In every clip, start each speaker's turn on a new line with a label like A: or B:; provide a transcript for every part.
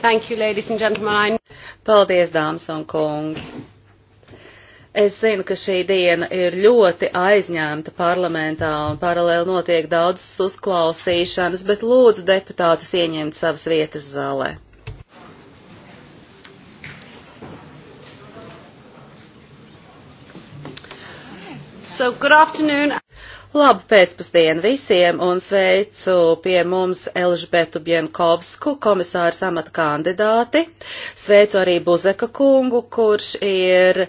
A: Thank you, ladies and gentlemen. Paldies, dāmas un kungi. Es zinu, ka šī diena ir ļoti aizņemta parlamentā un paralēli notiek daudzas uzklausīšanas, bet lūdzu deputātus ieņemt savas vietas zālē. So, good afternoon. Labu pēcpusdienu visiem un sveicu pie mums Elžbetu Bienkovsku, komisāru samata kandidāti. Sveicu arī Buzeka kungu, kurš ir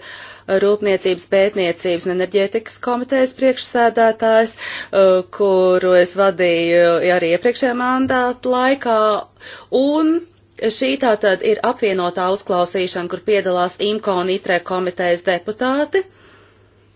A: Rūpniecības pētniecības un enerģētikas komitejas priekšsēdētājs, eh, kuru es vadīju arī iepriekšējā mandāta laikā. Un Šī tātad ir apvienotā uzklausīšana, kur piedalās IMCO un ITRE komitejas deputāti. Uh,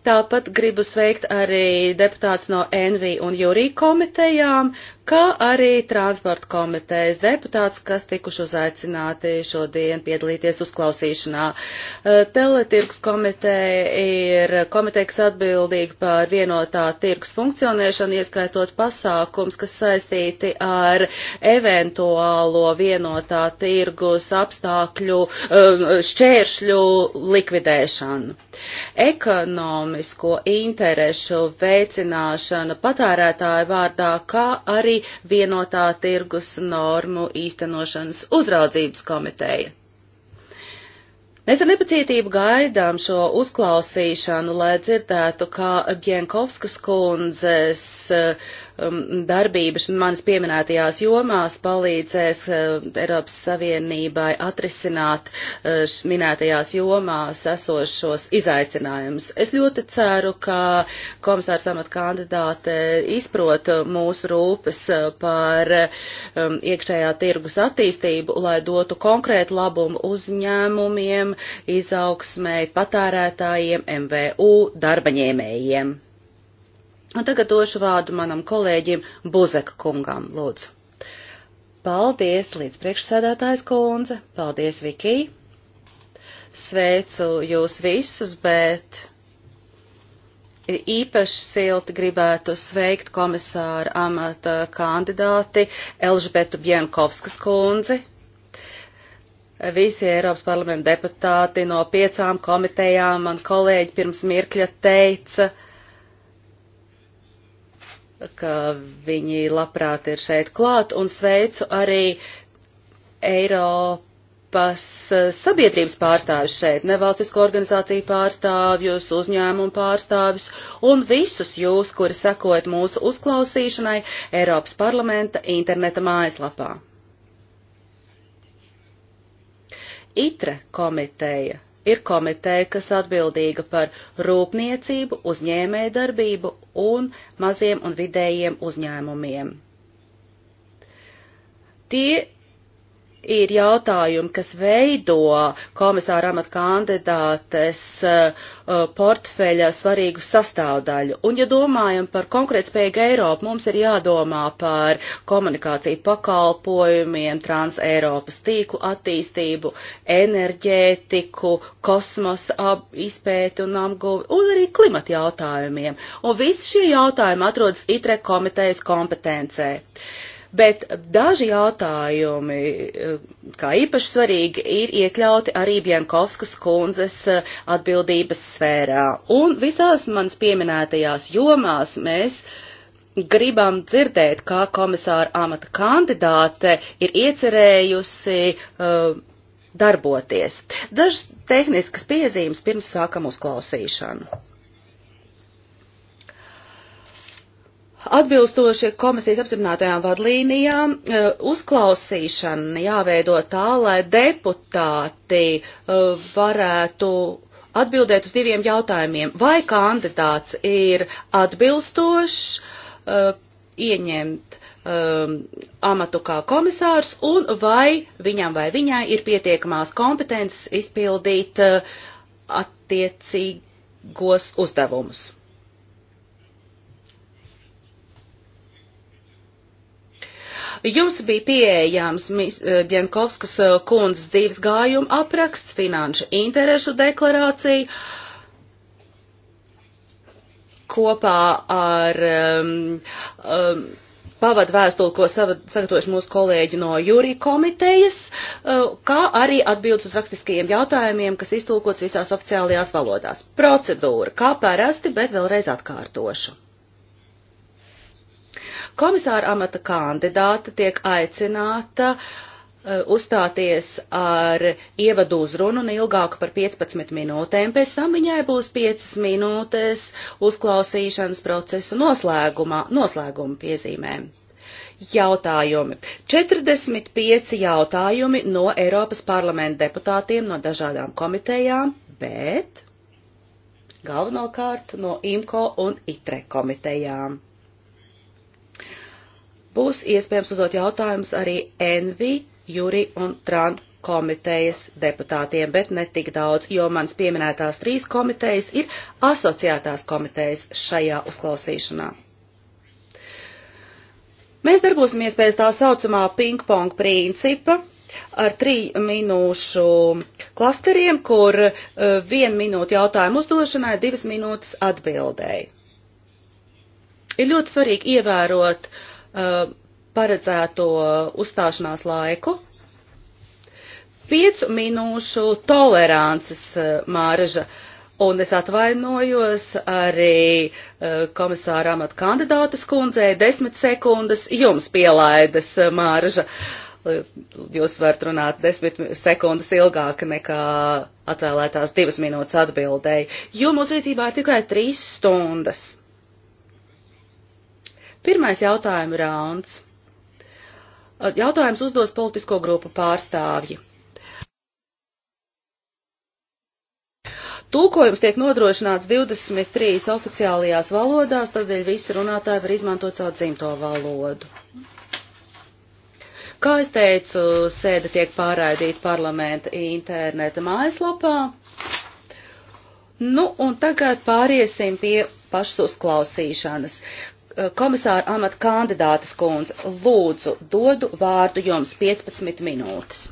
A: Tāpat gribu sveikt arī deputāts no NV un Jurī komitejām, kā arī transporta komitejas deputāts, kas tikuši uzaicināti šodien piedalīties uzklausīšanā. E, Teletirks komiteja ir komiteja, kas atbildīga par vienotā tirks funkcionēšanu, ieskaitot pasākums, kas saistīti ar eventuālo vienotā tirgus apstākļu e, šķēršļu likvidēšanu. Ekonomisko interešu veicināšana patērētāju vārdā, kā arī arī vienotā tirgus normu īstenošanas uzraudzības komiteja. Mēs ar nepacietību gaidām šo uzklausīšanu, lai dzirdētu, kā Bjankovskas kundzes uh, Um, darbības manas pieminētajās jomās palīdzēs uh, Eiropas Savienībai atrisināt uh, minētajās jomās esošos izaicinājumus. Es ļoti ceru, ka komisārs amat kandidāte izprot mūsu rūpes uh, par um, iekšējā tirgus attīstību, lai dotu konkrētu labumu uzņēmumiem, izaugsmēji, patērētājiem, MVU, darbaņēmējiem. Un tagad došu vārdu manam kolēģim Buzeka kungam, lūdzu. Paldies, līdz priekšsēdētājs kundze, paldies, Viki. Sveicu jūs visus, bet īpaši silti gribētu sveikt komisāra amata kandidāti Elžbetu Bjenkovskas kundzi, Visi Eiropas parlamenta deputāti no piecām komitejām man kolēģi pirms mirkļa teica, ka viņi labprāt ir šeit klāt un sveicu arī Eiropas eh, sabiedrības pārstāvis šeit, nevalstisko organizāciju pārstāvjus, uzņēmumu pārstāvjus un visus jūs, kuri sekojat mūsu uzklausīšanai Eiropas parlamenta interneta mājaslapā. ITRE komiteja ir komiteja, kas atbildīga par rūpniecību, uzņēmēju darbību un maziem un vidējiem uzņēmumiem. Tie ir jautājumi, kas veido komisāra amata kandidātes eh, eh, portfeļa svarīgu sastāvdaļu. Un, ja domājam par konkrētspējīgu Eiropu, mums ir jādomā par komunikāciju pakalpojumiem, trans-Eiropas tīklu attīstību, enerģētiku, kosmosa izpēti un apguvi, un arī klimata jautājumiem. Un visi šie jautājumi atrodas ITRE komitejas kompetencē bet daži jautājumi, eh, kā īpaši svarīgi, ir iekļauti arī Bienkovskas kundzes eh, atbildības sfērā. Un visās manas pieminētajās jomās mēs gribam dzirdēt, kā komisāra amata kandidāte ir iecerējusi uh, darboties. Dažas tehniskas piezīmes pirms sākam uzklausīšanu. Atbilstoši komisijas apstiprinātajām vadlīnijām, e, uzklausīšana jāveido tā, lai deputāti e, varētu atbildēt uz diviem jautājumiem. Vai kandidāts ir atbilstošs e, ieņemt um, amatu kā komisārs un vai viņam vai viņai ir pietiekamās kompetences izpildīt uh, attiecīgos uzdevumus. Jums bija pieejams eh, Bienkovskas eh, kundzes dzīves gājuma apraksts, finanšu interešu deklarācija kopā ar um, ehm, um, ehm, pavadu vēstuli, ko sagatavojuši mūsu kolēģi no jūrī komitejas, uh, kā arī atbildes uz rakstiskajiem jautājumiem, kas iztulkots visās oficiālajās valodās. Procedūra, kā parasti, bet vēlreiz atkārtošu. Komisāra amata kandidāta tiek aicināta eh, uzstāties ar ievadu uzrunu neilgāku par 15 minūtēm, pēc tam viņai būs 5 minūtes uzklausīšanas procesu noslēgumā, noslēguma piezīmēm jautājumi. 45 jautājumi no Eiropas parlamenta deputātiem no dažādām komitejām, bet galvenokārt no IMCO un ITRE komitejām būs iespējams uzdot jautājumus arī Envi, Juri un Tran komitejas deputātiem, bet ne tik daudz, jo mans pieminētās trīs komitejas ir asociētās komitejas šajā uzklausīšanā. Mēs darbosimies pēc tā saucamā ping-pong principa ar triju minūšu klasteriem, kur uh, eh, vienu minūtu jautājumu uzdošanai, divas minūtes atbildēji. Ir ļoti svarīgi ievērot uh, Uh, paredzēto uzstāšanās laiku. Piecu minūšu tolerances uh, mārža. Un es atvainojos arī uh, komisāra amata kandidātas kundzei desmit sekundes jums pielaidas mārža. Jūs varat runāt desmit sekundes ilgāk nekā atvēlētās divas minūtes atbildēji, jo mūsu rīcībā ir tikai trīs stundas. Pirmais jautājuma rauns. Jautājums uzdos politisko grupu pārstāvji. Tulkojums tiek nodrošināts 23 oficiālajās valodās, tādēļ visi runātāji var izmantot savu dzimto valodu. Kā es teicu, sēde tiek pārraidīta parlamenta interneta mājaslapā. Nu, un tagad pāriesim pie pašas uzklausīšanas. Eh, komisāra amata kandidātas kundze, lūdzu, dodu vārdu jums 15 minūtes.